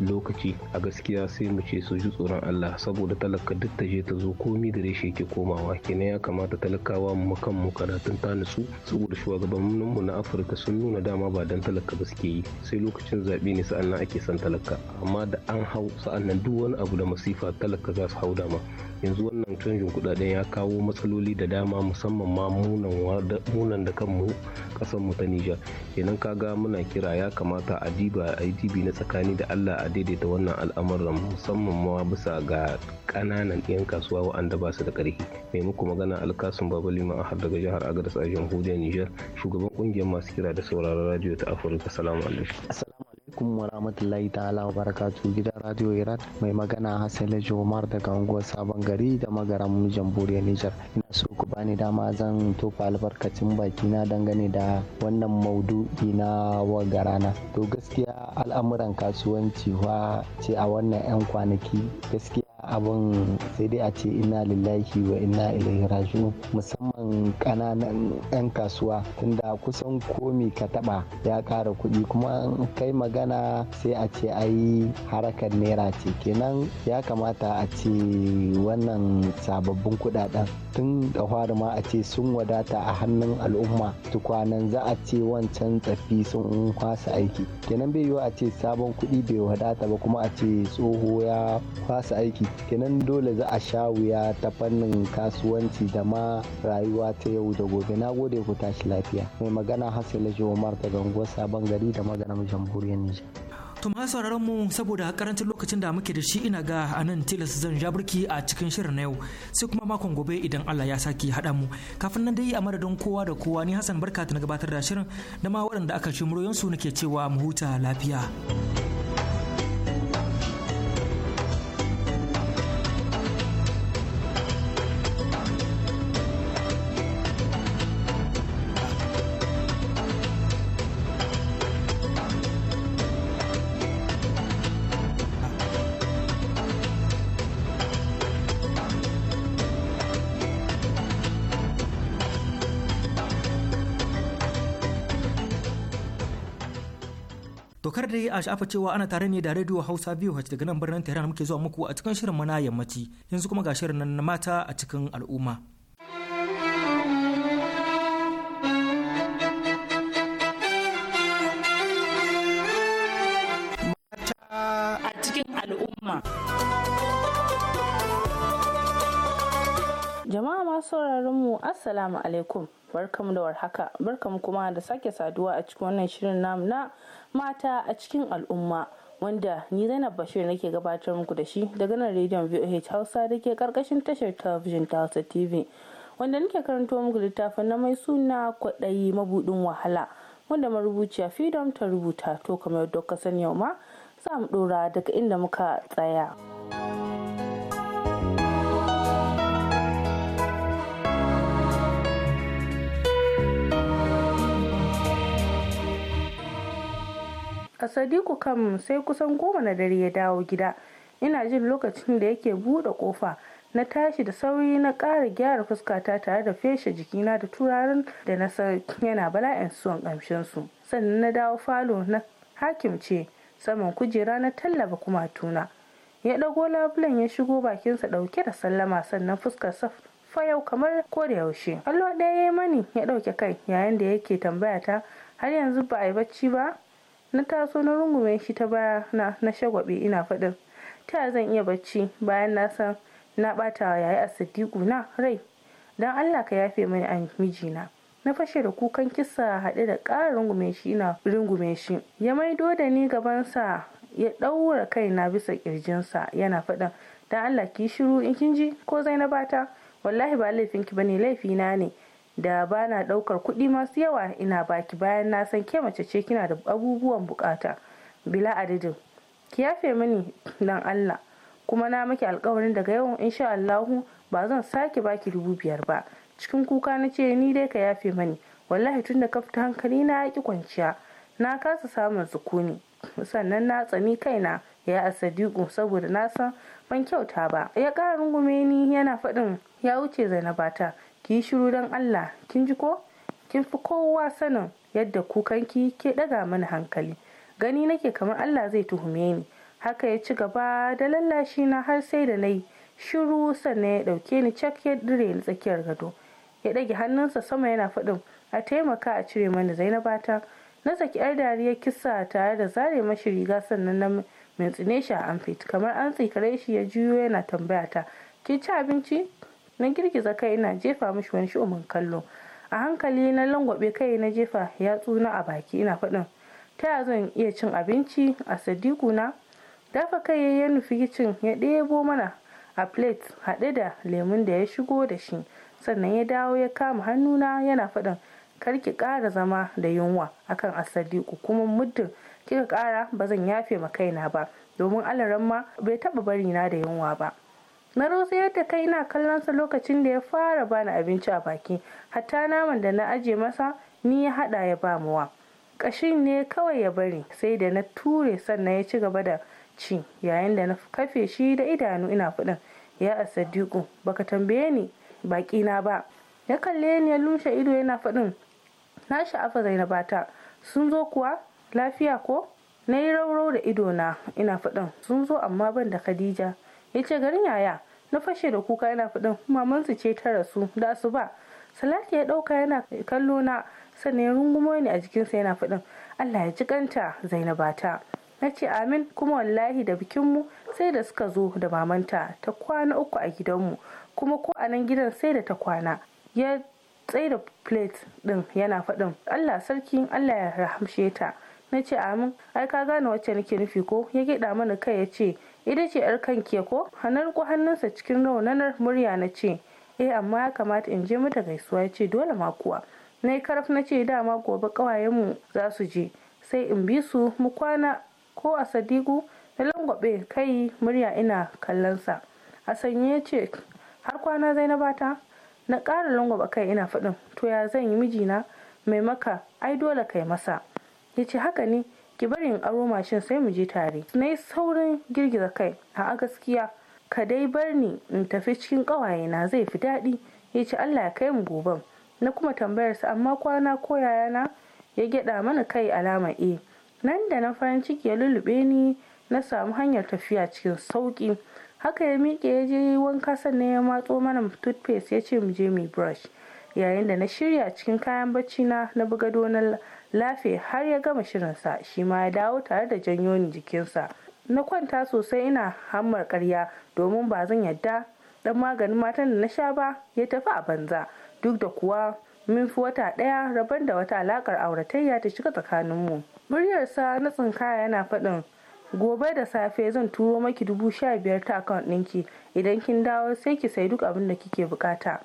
lokaci a gaskiya sai mu ce su ji tsoron allah saboda talaka duk ta je ta zo komi da reshe ke komawa kenan ya kamata talakawa mu kan mu karatun ta nutsu saboda shugabannin mu na afirka sun nuna dama ba don talaka ba suke yi sai lokacin zaɓe ne sa'an nan ake son talaka amma da an hau sa'an nan duk wani abu da masifa talaka za su hau dama yanzu wannan canjin kudaden ya kawo matsaloli da dama musamman ma munan da kanmu kasan mu ta Nijar kenan kaga muna kira ya kamata a diba a dibi na tsakani da Allah a daidaita wannan al'amuran musamman ma bisa ga kananan yan kasuwa wa'anda ba su da mai muku magana alkasun babalima a har daga jihar agadas a jamhuriyar Nijar shugaban kungiyar masu kira da sauraron radio ta Afirka salamu alaikum alaikum wa rahmatullahi ta'ala wa barakatu gidan radio Iran mai magana Hassan Jomar daga unguwar Sabon Gari da magaram jamhuriya Nijar. Ina so ku bani dama zan tofa albarkacin na dangane da wannan maudu'i na wagarana. To gaskiya al'amuran kasuwanci wa ce a wannan 'yan kwanaki gaskiya abin sai dai a ce ina lillahi wa ina ilaihi raji'un musamman ƙananan 'yan kasuwa tunda kusan komi ka taba ya kara kuɗi kuma kai magana sai a ce ai harakar naira ce kenan ya kamata a ce wannan sababbin kuɗaɗen tun da fara ma a ce sun wadata a hannun al'umma tukwanan za a ce wancan tsafi sun kwasa aiki kenan bai yiwu a ce sabon kuɗi bai wadata ba kuma a ce tsoho ya kwasa aiki kenan dole za a sha wuya ta fannin kasuwanci da ma rayuwa ta yau da gobe na gode ku tashi lafiya mai magana hasila jomar da gangon sabon gari da maganar jamhuriyar nijar To ma sauraron mu saboda karancin lokacin da muke da shi ina ga anan tilas zan ja birki a cikin shirin na yau sai kuma makon gobe idan Allah ya saki haɗa mu kafin nan dai a madadin kowa da kowa ni Hassan barka ta gabatar da shirin da ma waɗanda aka shi muryoyin su nake cewa mu huta lafiya. a shafa cewa ana tare ne da Radio Hausa VOH daga nan birnin Tehran muke zuwa muku a cikin shirin mana yammaci. Yanzu kuma ga shirin nan na mata a cikin al'umma. a cikin al'umma. Jama'a masu mu Assalamu alaikum. Barkamu da warhaka, barkamu kuma da sake saduwa a cikin wannan shirin namu na mata a cikin al'umma wanda ni zainab bashir nake gabatar muku da shi daga nan rediyon voh hausa da ke karkashin tashar talabijin ta hausa tv wanda nake karanto muku littafin na mai suna kwaɗayi mabuɗin wahala wanda marubuciya freedom ta rubuta to kamar yadda ka sani yau ma za mu ɗora daga inda muka tsaya. a sadiku kanmu sai kusan goma na dare ya dawo gida ina jin lokacin da yake buɗe ƙofa na tashi da sauri na ƙara gyara fuskata tare da feshe jikina da turaren da na san yana bala'in suwan ƙamshinsu sannan na dawo falo na hakimce saman kujera na tallaba kumatuna ya ɗago labulen ya shigo bakinsa ɗauke da sallama sannan fuskar sa fayau kamar koda yaushe allo ɗaya ya mani ya ɗauke kai yayin da yake tambaya ta har yanzu ba a yi bacci ba na taso na rungume shi ta baya na na shagwabe ina faɗin ta zan iya bacci bayan na san na ɓata wa yayi a siddiku na rai don allah ka yafe mani a mijina na fashe da kukan kisa haɗe da ƙara rungume shi ina rungume shi ya maido da ni gabansa ya ɗaura kaina bisa ƙirjinsa yana faɗin don allah ki shiru in kin ji ko zainabata wallahi ba laifin ki bane laifi laifina ne da ba na daukar kuɗi masu yawa ina baki bayan na san ke mace ce kina da abubuwan bukata bila adadin ki yafe mini dan Allah kuma na maki alkawarin daga yau insha Allahu ba zan sake baki dubu biyar ba cikin kuka na ce ni dai ka yafe mani wallahi tun da ka fita hankali na ki kwanciya na kasa samun sukuni sannan na tsani kaina ya asadiku saboda na san ban kyauta ba ya ƙara rungume ni yana faɗin ya wuce zainabata ki yi shiru don allah kin ji ko kin fi kowa sanin yadda kukanki ke ɗaga mana hankali gani nake kamar allah zai tuhume ni haka ya ci gaba da lallashi na har sai da nayi shiru sannan ya ɗauke ni cak ya dire ni tsakiyar gado ya ɗage hannunsa sama yana faɗin a taimaka a cire mana zainabata na saki yar dariyar kisa tare da zare mashi riga sannan na mintsine shi a amfit kamar an tsikare shi ya juyo yana tambaya ta kin ci abinci na girgiza kai ina jefa mishi wani shi'umin kallo a hankali na langwabe kai na jefa ya tsuna a baki ina faɗin ta ya zan iya cin abinci a sadiku na dafa kai ya nufi kicin ya ɗebo mana a plate haɗe da lemun da ya shigo da shi sannan ya dawo ya kama hannuna yana faɗin ki ƙara zama da yunwa akan asadiku kuma muddin kika ƙara ba zan yafe ma kaina ba domin alaran ma bai taɓa bari na da yunwa ba na rusa da kai ina kallon sa lokacin da ya fara bani abinci a baki hatta naman da na aje masa ni ya hada ya ba muwa kashin ne kawai ya bari sai da na ture sannan ya ci gaba da ci yayin da na kafe shi da idanu ina fudin ya asadiku baka tambaye ni baki na ba ya kalle ni ya lumshe ido yana fudin na sha'afa zainabata sun zo kuwa lafiya ko na yi rauro da na ina fudin sun zo amma ban da khadija ya ce garin yaya na fashe da kuka yana faɗin mamansu ce ta rasu da ba salati ya dauka yana kallo na sannan ya rungumo ni a jikinsa yana faɗin allah ya ji kanta zainabata na ce amin kuma wallahi da bikinmu sai da suka zo da mamanta ta kwana uku a gidanmu kuma ko a nan gidan sai da ta kwana ya tsaye da plate ɗin yana faɗin allah sarki allah ya rahamshe ta na ce amin ai ka gane wacce nake nufi ko ya gyaɗa mana kai ya ce ita ce yar ke ko hanar ku hannunsa cikin raunanar murya na ce eh amma ya kamata in je mata gaisuwa ya ce dole ma kuwa na yi karaf na ce dama gobe ƙawayenmu za su je sai in bi su mu kwana ko a sadiku na langwabe kai murya ina kallonsa a sanye ya ce har kwana zainabata na ƙara langwaba kai ina faɗin to ya zan yi mijina mai maka ai dole kai masa ya ce haka ne ki bari in aro mashin sai mu je tare na yi saurin girgiza kai a gaskiya ka dai bar ni in tafi cikin na zai fi daɗi ya ci allah ya kai mu goben na kuma tambayar tambayarsa amma kwana ko yayana ya gyaɗa mana kai alama e nan da na farin ciki ya lullube ni na samu hanyar tafiya cikin sauƙi haka ya miƙe ya je wanka sannan ya matso mana toothpaste ya ce mu je mu brush yayin da na shirya cikin kayan bacci na na buga na lafe har ya gama shirinsa shi ma ya dawo tare da janyo ni jikinsa na kwanta sosai ina hammar karya domin ba zan yadda dan maganin matan da na sha ba ya tafi a banza duk da kuwa min fi wata ɗaya rabon da wata alakar auratayya ta shiga tsakaninmu muryarsa na tsinkaya yana faɗin gobe da safe zan turo maki dubu sha biyar ta akaunt ɗinki idan kin dawo sai ki sai duk abin da kike bukata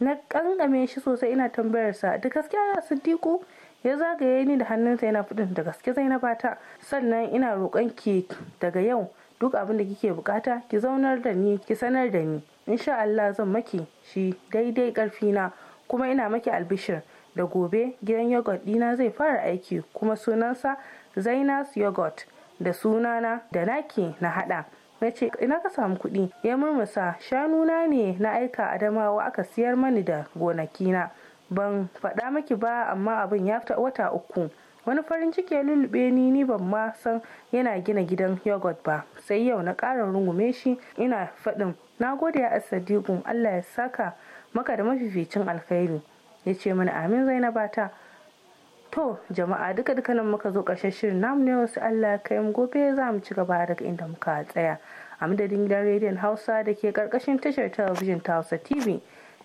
na ƙanƙame shi sosai ina tambayarsa da gaskiya ya siddiku ya zagaye ni da hannunsa yana fudin da gaske zainaba ta sannan ina roƙon ki daga yau duk abin da kike bukata ki zaunar da ni ki sanar da ni insha Allah zan maki shi daidai karfi na kuma ina maki albishir da gobe gidan yogurt dina zai fara aiki kuma sunansa Zainas yogurt da sunana da naki na hada na ce ina ka samu kuɗi ya murmusa shanuna ne na aika adamawa aka siyar mani da gonakina ban faɗa maki ba amma abin ya fita wata uku wani farin ciki ya lullube ni ni ban ma san yana gina gidan yogurt ba sai yau na ƙara rungume shi ina faɗin na gode ya asadiqun allah ya saka maka da mafificin alkhairi ya ce mana amin zainabata to jama'a duka duka nan muka zo ƙarshen shirin namu ne wasu allah ya kai mu gobe za mu ci gaba daga inda muka tsaya a madadin gidan rediyon hausa da ke ƙarƙashin tashar talabijin ta hausa tv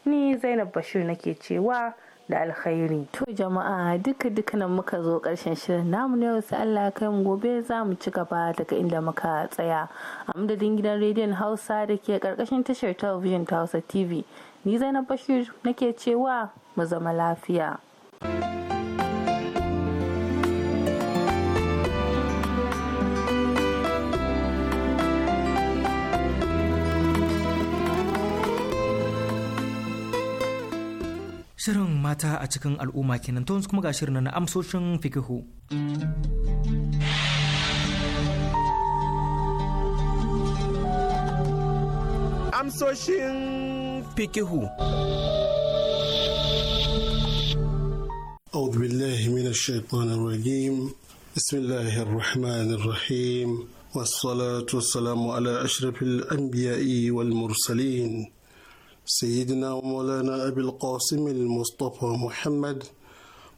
ni zainab bashir nake cewa da alkhairi. To jama'a duka dukanan muka zo ƙarshen shirin namu na yau sai Allah kai mu gobe za mu ci gaba daga inda muka tsaya. A madadin gidan rediyon Hausa da ke karkashin tashar talabijin ta Hausa TV. Ni Zainab Bashir nake cewa mu zama lafiya. thank you Shirin mata a cikin al'umma kenan to kuma ga shirin na amsoshin fikihu. Amsoshin fikihu. أعوذ بالله من الشيطان الرجيم بسم الله الرحمن الرحيم والصلاة والسلام على أشرف الأنبياء والمرسلين سيدنا ومولانا أبي القاسم المصطفى محمد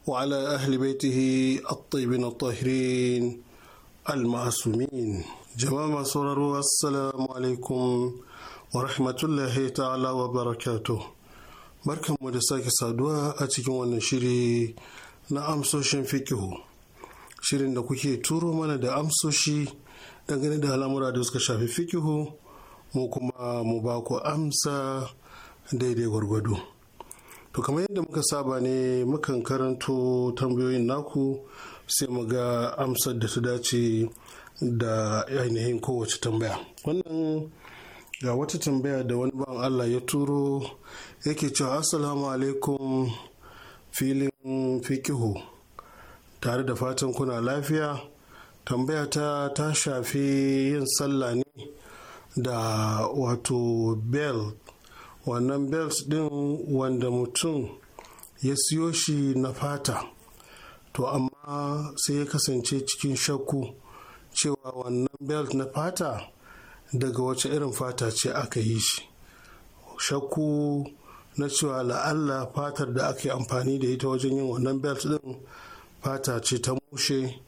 وعلى أهل بيته الطيبين الطاهرين المعصومين جماعة سرر السلام عليكم ورحمة الله تعالى وبركاته بركة مدساك سادوا أتكم ونشري نعم سوشن فيكه shirin da kuke turo mana da amsoshi dangane da al'amura da suka shafi fikihu mu kuma mu ba ku amsa daidai gwargwado to kamar yadda muka saba ne mukan karanto tambayoyin naku sai mu ga amsar da ta dace da ainihin kowace tambaya wannan ga wata tambaya da wani ban allah ya turo yake cewa assalamu alaikum filin fikihu tare da fatan kuna lafiya tambaya ta ta shafi yin sallah ne da wato bell wannan belt din wanda mutum ya siyo shi na fata to amma sai ya kasance cikin shakku cewa wannan belt na fata daga wace irin fata ce aka yi shi shakku na cewa la'alla fatar da aka yi amfani da ita wajen yin wannan belt din fata ce ta mushe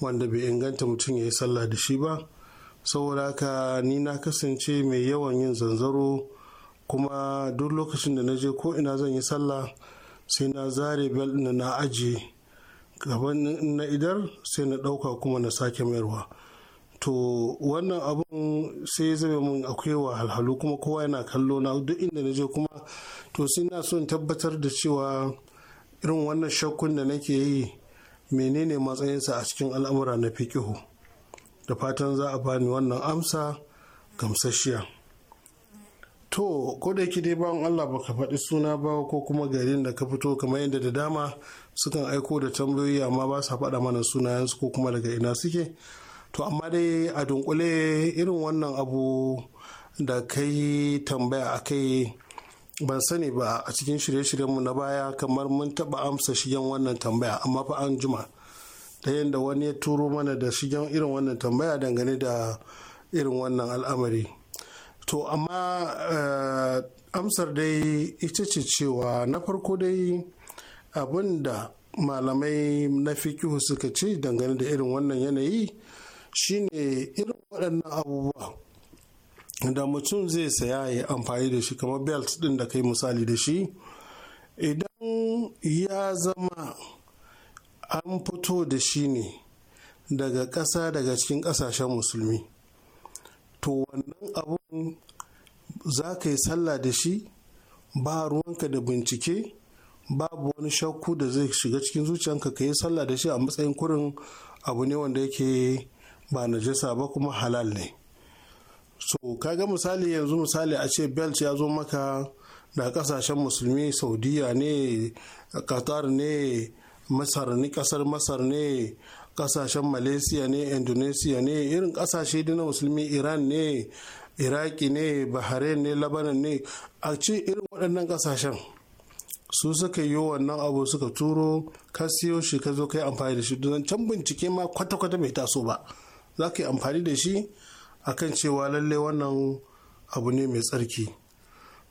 wanda bai inganta mutum ya yi sallah da shi ba saboda haka ni na kasance mai yawan yin zanzaro kuma duk lokacin da na je ko ina zan yi sallah sai na zare bel na na ajiye gaban na idar sai na ɗauka kuma na sake mayarwa to wannan abun sai ya zama mun akwai wahalhalu kuma kowa yana kallo na duk inda na je kuma to sai na son tabbatar da cewa irin wannan shakkun da nake yi menene matsayinsa a cikin al'amura na kiho, da fatan za a bani wannan amsa gamsasshiya. to ko da yake dai bawan allah ba ka faɗi suna ba ko kuma garin da ka fito kamar yadda da dama sukan aiko da tambayoyi amma ba sa faɗa mana sunayensu ko kuma daga ina suke to amma dai a dunkule irin wannan abu da kai tambaya a kai ban sani ba a cikin shirye-shiryenmu na baya kamar mun taɓa amsa shigen wannan tambaya amma fa an juma da yadda wani ya turo mana da shigen irin wannan tambaya dangane da irin wannan al'amari to amma eh, amsar dai ita ce cewa na farko dai abin da malamai na fikihu suka ce dangane da irin wannan yanayi shine irin waɗannan abubuwa da mutum zai saya ya amfani da shi kamar belt ɗin da kai misali da shi idan ya zama an fito da shi ne daga ƙasa daga cikin ƙasashen musulmi to wannan abun za ka yi sallah da shi ba ruwanka da bincike babu wani shakku da zai shiga cikin zuciyanka ka yi sallah da shi a matsayin kurin abu ne wanda yake ba na najasa ba kuma halal ne so kaga misali yanzu misali a ce belt ya zo maka da kasashen musulmi saudiya ne qatar ne masar ne kasar masar ne kasashen malaysia ne indonesia ne irin kasashe na musulmi iran ne iraki ne bahrain ne labanan ne a ce irin waɗannan kasashen su suka yi wannan abu suka turo ka siyo shi ka zo ka yi amfani da shi don can bincike ma kwata-kwata bai taso ba za ka yi amfani da shi akan cewa lalle wannan abu ne mai tsarki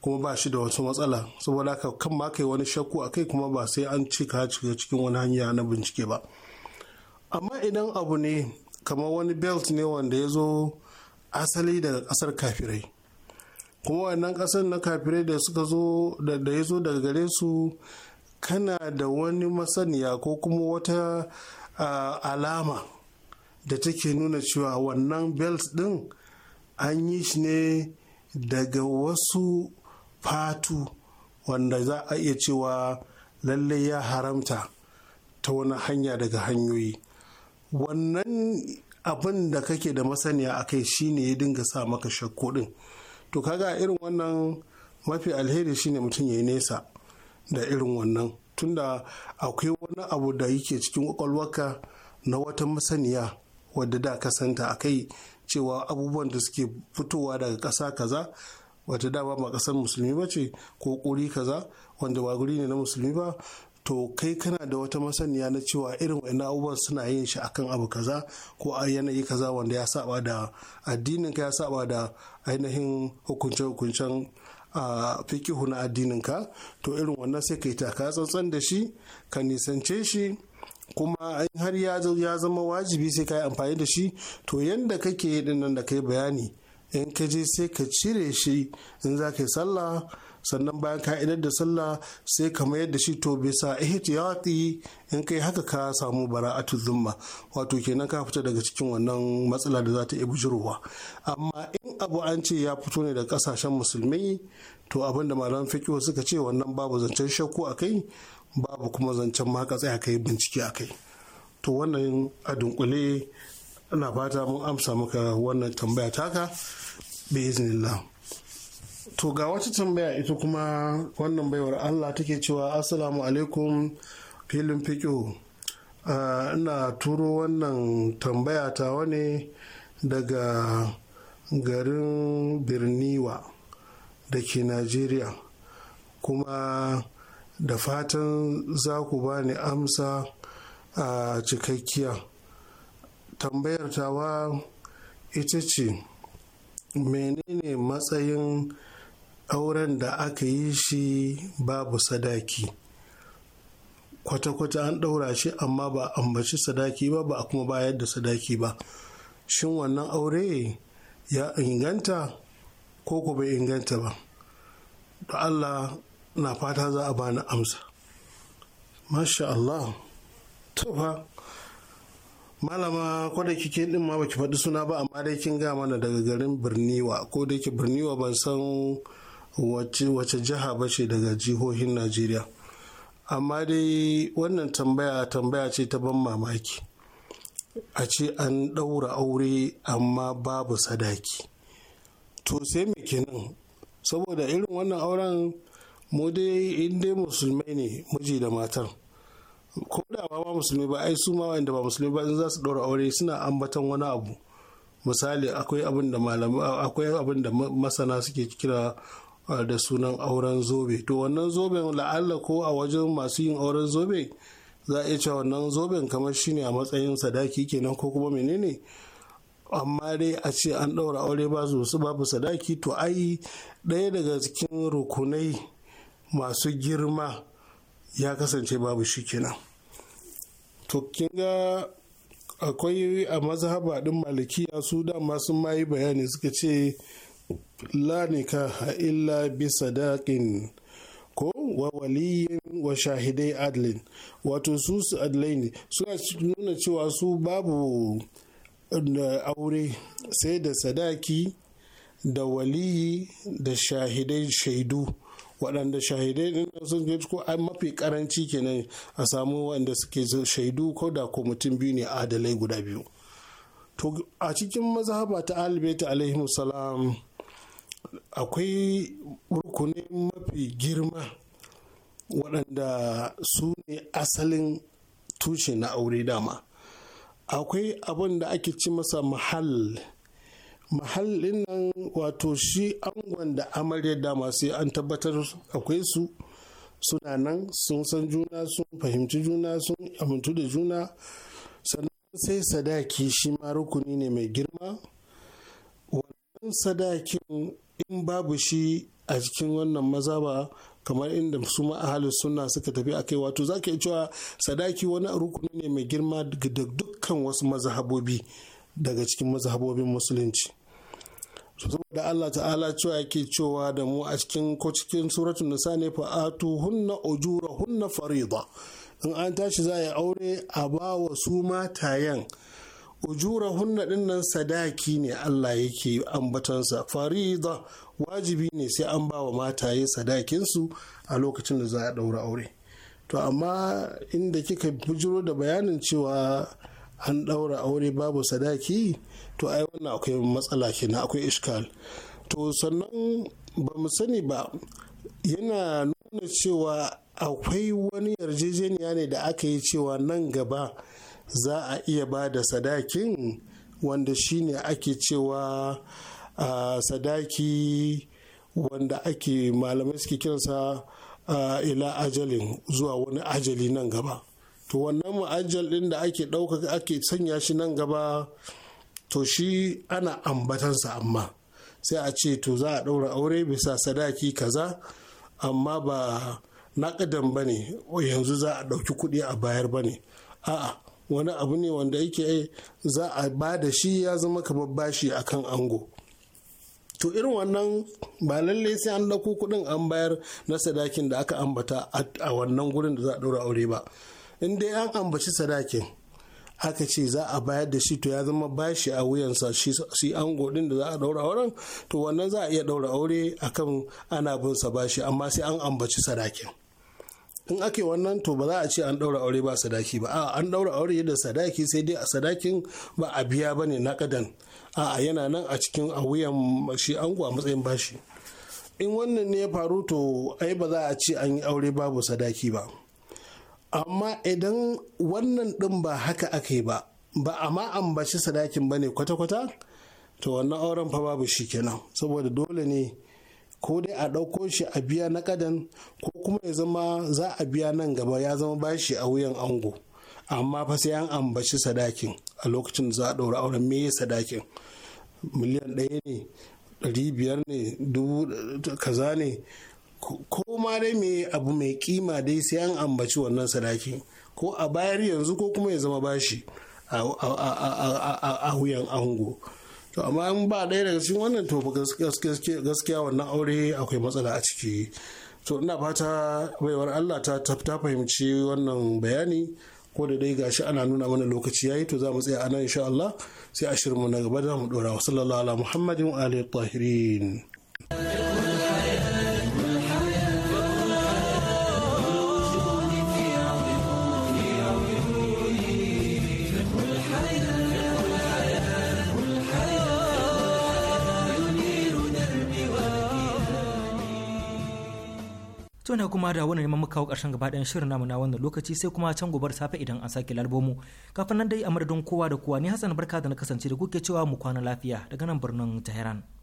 kuma ba shi da wasu matsala saboda haka kan ma kai wani shakku a kai kuma ba sai an cika ka cikin wani hanya na bincike ba amma idan abu ne kamar wani belt ne wanda ya zo asali daga kasar kafirai kuma wannan kasar na kafirai da suka zo da ya zo daga gare su kana da wani masaniya ko kuma wata alama da take nuna cewa wannan belt din an yi shi ne daga wasu fatu wanda za a iya cewa lallai ya haramta ta wani hanya daga hanyoyi wannan abin da kake da masaniya a kai shine ya dinga sa maka shakko din to kaga irin wannan mafi alheri shine mutum ya yi nesa da irin wannan tunda akwai wani abu da yake cikin kwakwalwarka na wata masaniya wadda da ka santa a kai cewa abubuwan da suke fitowa daga ƙasa kaza wata dama ba ƙasar musulmi ba ce ko ƙuri kaza wanda ba guri ne na musulmi ba to kai kana da wata masaniya na cewa irin wa'annan abubuwan suna yin shi akan abu kaza ko a yanayi kaza wanda ya saba da addinin ka ya saba da ainihin hukunce hukuncen a fikihu na addinin ka to irin wannan sai kai ka tsantsan da shi ka nisance shi kuma in har ya zama wajibi sai ka yi amfani da shi to yanda kake yi nan da kai bayani in ka je sai ka cire shi in za ka yi sallah sannan bayan ka idar da sallah sai ka mayar da shi to bisa ihtiyati in kai haka ka samu bara'atu zumma wato kenan ka fita daga cikin wannan matsala da za ta iya bujirowa amma in abu an ce ya fito ne da kasashen musulmi to abin da malaman fiqh suka ce wannan babu zancen shakku kai, babu kuma zancen ma ka tsaya kai bincike a kai. to wannan a dunkule ana fata mun amsa maka wannan tambaya taka bi iznillah To ga wata tambaya ita kuma wannan baiwar Allah take cewa Assalamu alaikum filin fiƙo. Ina turo wannan tambaya ta ne daga garin Birniwa da ke Najeriya. Kuma da fatan za ku ba ni amsa a cikakkiya. Tambayar tawa ita ce menene matsayin auren da aka yi shi babu sadaki kwata-kwata an ɗaura shi amma ba ambaci sadaki ba ba kuma bayar da sadaki ba shin wannan aure ya inganta ko ku bai inganta ba da allah na fata za a bani amsa masha allah tufa malama kwada kike din ma baki faɗi suna ba amma dai kin ga mana daga garin birniwa ko da yake birniwa ban san wace jiha ba ce daga jihohin najeriya amma dai wannan tambaya tambaya ce ta ban mamaki a ce an ɗaura aure amma babu sadaki to sai mai kenan saboda irin wannan auren mu dai in musulmai ne miji da matar ko da ba musulmi ba ai su ma wanda ba musulmi ba in za su ɗaura aure suna ambaton wani abu misali akwai abin akwai abin da masana suke kira da sunan auren zobe to wannan zoben la'alla ko a wajen masu yin auren zobe za a iya wannan zoben kamar shine a matsayin sadaki kenan ko kuma menene amma dai a ce an ɗaura aure ba su babu sadaki to ai ɗaya daga cikin rukunai masu girma ya kasance babu shi kenan to kin ga akwai a mazhaba din malikiya su dama sun mayi bayani suka ce la nikaha illa bi sadaqin ko wa waliyin wa shahidai adlin wato su su adlai suna nuna cewa su babu eh, aure sai da sadaki da waliyi da shahidai shaidu waɗanda shahidai din sun ce ko an mafi karanci kenan a samu waɗanda suke shaidu ko da ko mutum biyu ne adalai guda biyu to a cikin mazhaba ta alibaita alaihi salam akwai rukuni mafi girma waɗanda su ne asalin tushe na aure dama akwai abin da ake ci masa mahal mahallin nan wato shi angon da amaryar dama sai an tabbatar akwai su suna nan sun san juna sun fahimci juna sun amintu da juna sannan sai sadaki shi ma rukuni ne mai girma wannan sadakin in babu shi a cikin wannan maza ba kamar inda su ma'ahali suna suka tafi a kai wato za ka cewa sadaki wani rukuni ne mai girma da dukkan wasu mazhabobi daga cikin mazhabobin musulunci saboda Allah ta'ala cewa yake cewa da mu a cikin ko cikin suratun nisa ne fa'atu atu hunna ujura hunna farida in an tashi za a yi aure a ba wa su matayen ujura hunna dinnan sadaki ne Allah yake ambatansa farida wajibi ne sai an ba wa mataye sadakinsu a lokacin da za a ɗaura aure to amma inda kika bujuro da bayanin cewa an daura aure babu sadaki to ai wannan akwai matsala kenan akwai ishkal to sannan ba mu sani ba yana nuna cewa akwai wani yarjejeniya ne da aka yi cewa nan gaba za a iya ba da sadakin wanda shine ake cewa uh, sadaki wanda ake malamai suke kiransa uh, ila ajalin zuwa wani ajali nan gaba to wannan ma'ajal ɗin da ake ɗauka ake sanya shi nan gaba to shi ana ambatansa amma sai a ce to za a ɗaura aure bisa sadaki kaza amma ba naƙadan ba ne yanzu za a ɗauki kuɗi a bayar ba ne a'a wani abu ne wanda yake eh, za a ba da shi ya zama babbashi bashi kan ango to irin wannan ba lallai sai an ɗauko kuɗin an bayar na sadakin da aka ambata a wannan gurin da za a ɗaura aure ba in dai an ambaci sadakin aka ce za a bayar da shi to ya zama bashi a wuyansa shi ango din da za a daura auren to wannan za a iya daura aure akan ana bin sa bashi amma sai an ambaci sadakin in ake wannan to ba za a ce an ɗaura aure ba sadaki ba a an daura aure da sadaki sai dai a sadakin ba a biya ba ne na kadan a yana nan a cikin a wuyan shi ango a matsayin bashi in wannan ne ya faru to ai ba za a ce an yi aure babu sadaki ba amma idan wannan ɗin ba haka aka yi ba ba a ma ambaci sadakin ba ne kwata-kwata to wannan auren fa babu shi kenan saboda dole ne ko dai a ɗauko shi a biya na ƙadan ko kuma ya zama za a biya nan gaba ya zama bashi a wuyan ango amma fa sai an ambaci sadakin a lokacin za a ɗaura auren me sadakin miliyan ɗaya ne ɗari biyar ne dubu kaza ne ko ma dai mai abu mai kima dai sai an ambaci wannan sadakin ko a bayar yanzu ko kuma ya zama bashi a wuyan ango. to amma in ba ɗaya daga cikin wannan to gaskiya wannan aure akwai matsala a ciki to ina fata baiwar allah ta ta fahimci wannan bayani ko da dai gashi ana nuna mana lokaci yayi to za mu tsaya anan insha Allah sai a mu na gaba za mu dora wa sallallahu ala muhammadin wa alihi tahirin to na kuma da wani neman muka kawo karshen gaba ɗayan shirin namu na wannan lokaci sai kuma can gobar safe idan an sake lalbomu kafin nan dai a madadin kowa da kowa ni Hassan barka da na kasance da kuke cewa mu kwana lafiya daga nan birnin Tehran